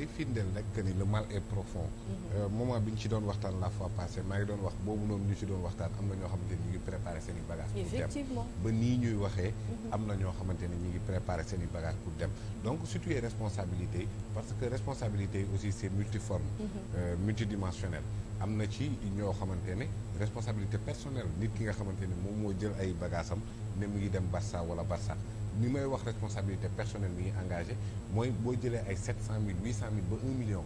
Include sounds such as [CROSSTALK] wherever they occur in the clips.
day findel rek ni le mal est profond. Mhm. Euh, moment bi ñu ci doon waxtaan la fois passée maa ngi doon wax boobu noonu ñu ci doon waxtaan am na ñoo xamante ni ñu ngi préparé seen i bagages. dem ba nii ñuy waxee. Mhm. am na ñoo xamante ni ñu ngi préparé seen i bagages pour dem donc surtout les responsabilités parce que responsabilité aussi c' est multiforme. Mhm. Euh, multidimensionnel am na ci ñoo xamante ne responsabilité personnelle nit ki nga xamante ne moom moo jël ay bagages am ne mu ngi dem Barça wala Barça. ni may wax responsabilité personnelle bi ñuy engagé mooy boo jëlee ay 700000 mille ba 1 million.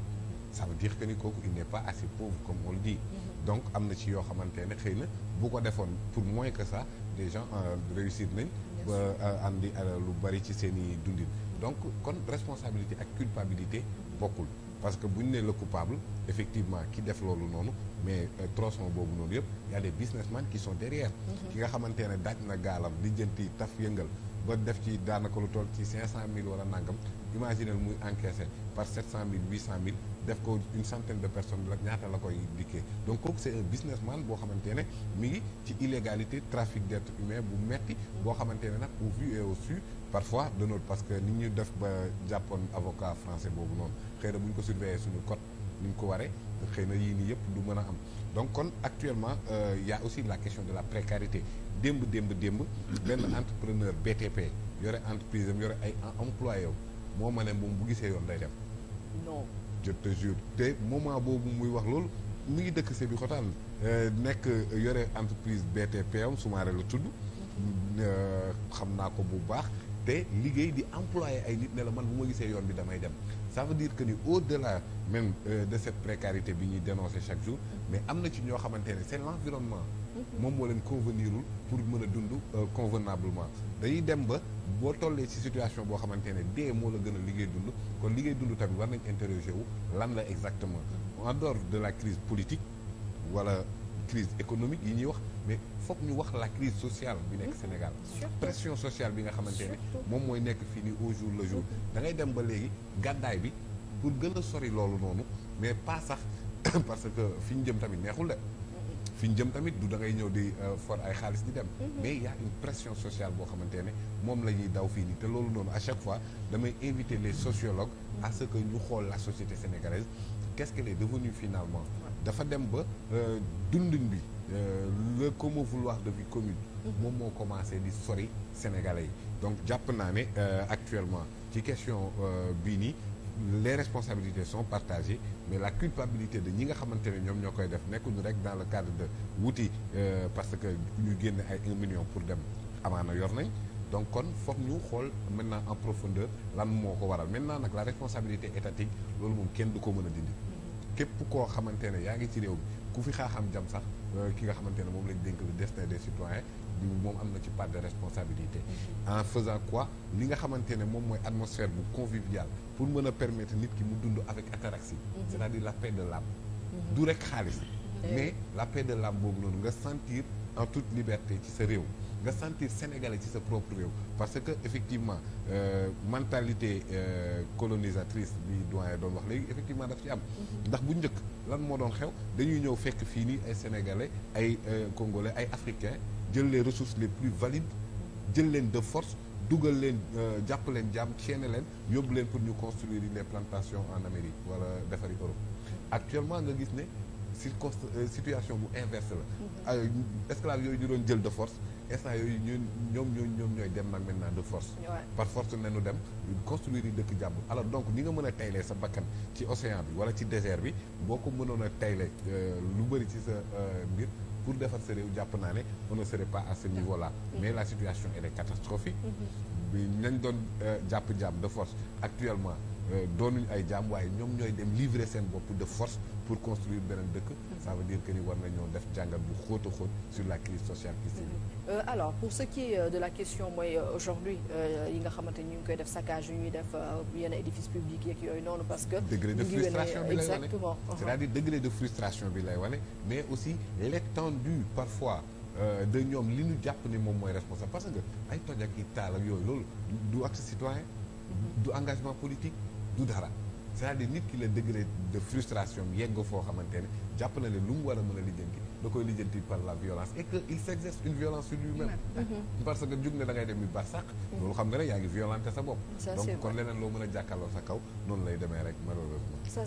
ça veut dire que ni kooku il n'est pas assez pauvre comme on le mm-hmm. donc am na ci yoo xamante ne xëy na bu ko defoon pour moins que sax des gens euh, réussir nañ. ba euh, andi euh, lu bari ci seen i dundin. donc kon responsabilité ak culpabilité bokkul parce que bu ñu nee la coupable effectivement ki def loolu noonu mais son boobu noonu yëpp y business des businessmen qui sont mm-hmm. ki nga xamante ne daaj na gaalam lijjanti taf yëngal. ba def ci daanaka lu toll ci cinq cent mille wala nangam imaginez muy encaissé par sept cent cent mille def ko une centaine de personnes la ñaata la koy dikkee donc kooku c'est un businessman boo xamante ne mi ngi ci illégalité trafic d'êtres humains bu metti boo xamante ne nag au vu et au su parfois de parce que ni ñu def ba jàppoon avocat français boobu noonu xëy na bu ñu ko surveiller suñu code ni ko waree xëy na yii nii yëpp du mën a am donc kon actuellement euh, y a aussi la question de la précarité démb démb démb benn entrepreneur BTP yore entreprise am yore ay employé wu moo ma ne moom bu gisee yoon day dem non je te jure boobu muy wax loolu mi ngi dëkk bi Sébikotane euh, nekk yore entreprise BTP am Soumaré la tudd euh, xam naa ko bu baax te liggéey di employé ay nit ne la man bu ma gisee yoon bi damay dem ça veut dire que ni au la même euh, de cette précarité bi ñuy dénoncer chaque jour mais am na ci ñoo xamante ne c'est l'environnement moom moo leen convenirul pour mën a dundu euh, convenablement dañuy dem ba boo tollee ci situation boo xamante ne dee moo la gën a liggéey dundu kon liggéey dund tamit war nañ interroger wu lan la exactement en door de la crise politique wala crise économique yi ñuy wax mais foog ñu wax la crise sociale bi nekk mm-hmm. Sénégal pression sociale bi nga xamante ne moom mooy nekk fii nii au jour la jour mm-hmm. da ngay dem ba léegi gàddaay bi pour gën a sori loolu noonu mais pas sax [COUGHS] parce que fi ñu jëm tamit neexul de fi ñu jëm tamit du da ngay ñëw di euh, for ay xaalis di dem mm-hmm. mais y une pression sociale boo xamante ne moom la ñuy daw fii nii te loolu noonu à chaque fois damay inviter les sociologues à que ñu xool la société sénégalaise qu'est-ce qu'elle est devenue finalement dafa dem ba euh, dunduñ bi euh, le comme vouloir de vie commune mm-hmm. moom moo commencé di sori sénégalais yi donc jàpp naa ne actuellement ci question bii nii les responsabilités sont partagées mais la culpabilité de ñi nga xamante ne ñoom ñoo koy def nekkuñu rek dans le cadre de wuti euh, parce que ñu génn ay 1 million pour dem amaana yor nañ donc kon foog ñu xool maintenant en profondeur lan moo ko waral maintenant nag la responsabilité étatique loolu moom kenn du ko mën a dindi képp koo xamante ne yaa ngi ci réew mi ku fi xaaxam jam sax Euh, ki nga xamante ne moom lañ dénk le destin des citoyens di moom am na ci part de responsabilité mm-hmm. en faisant quoi li nga xamante ne moom mooy atmosphère bu conviviale pour mën a permettre nit ki mu dund avec ataraxie mm-hmm. c'est-à-dire la paix de l'âme mm-hmm. du rek xaalis Eh. mais la paix de l'âme boobu noonu nga sentir en toute liberté ci sa réew nga sentir sénégalais ci sa propre réew parce que effectivement euh, mentalité euh, colonisatrice bi doyen doon wax léegi effectivement daf ci am mhm. ndax bu njëkk lan moo doon xew dañuy ñëw fekk fii nii ay sénégalais ay euh, congolais ay africains jël les ressources les plus valides jël leen de force dugal leen euh, jàpp leen jàmm ceene leen yóbbu leen pour ñu construire les plantations en Amérique wala defari Europe actuellement nga gis ne circonst euh, situation bu inverse la. ay ah, esclaves yooyu ñu jël de force instant yooyu ñun ñoom ñoo ñoom ñooy dem nag de force. par force nañu dem construire yi dëkk jàmm alors donc ni nga mën a taylee sa bakkan ci océan bi wala ci désert bi boo ko mënoon a tayle euh, lu bëri ci sa euh, mbir. pour defar sa réew jàpp naa ne on ne serait pas à ce niveau là mm-hmm. mais la situation elle est catastrophique mm-hmm. bi nañ doon jàpp jàmm de force actuellement Euh, doonuñ ay jaam waaye ñoom ñooy dem livrer seen bopp de force pour construire beneen dëkk. ça veut dire ni war na nañoo def jàngat bu xóot a xóot sur la crise sociale ici. Euh, alors pour ce qui est euh, de la question mooy euh, aujourd'hui yi nga xamante ni ñu ngi koy def saccage ñu ñuy def yenn édifice public yeeg yooyu noonu parce que. degré de frustration bi lay wane uh-huh. c'est-à-dire degré de frustration bi lay wane mais aussi l'étendue parfois. de ñoom li ñu jàpp ni moom mooy responsable parce que ay toj ak i taal ak yooyu loolu du du engagement politique du dara c'est-à-dire nit ki la degré de frustration yegg foo xamante ne jàpp na leen lu mu war a mën a lijjanti da koy lijjanti par la violence et que il s'exerce une violence sur lui-même parce que jug ne da ngay dem bi bar sàq mm-hmm. loolu xam nga ne yaa ngi violenté sa bopp donc kon leneen loo mën a jàkkaloo sa kaw noonu lay demee rek malheureusement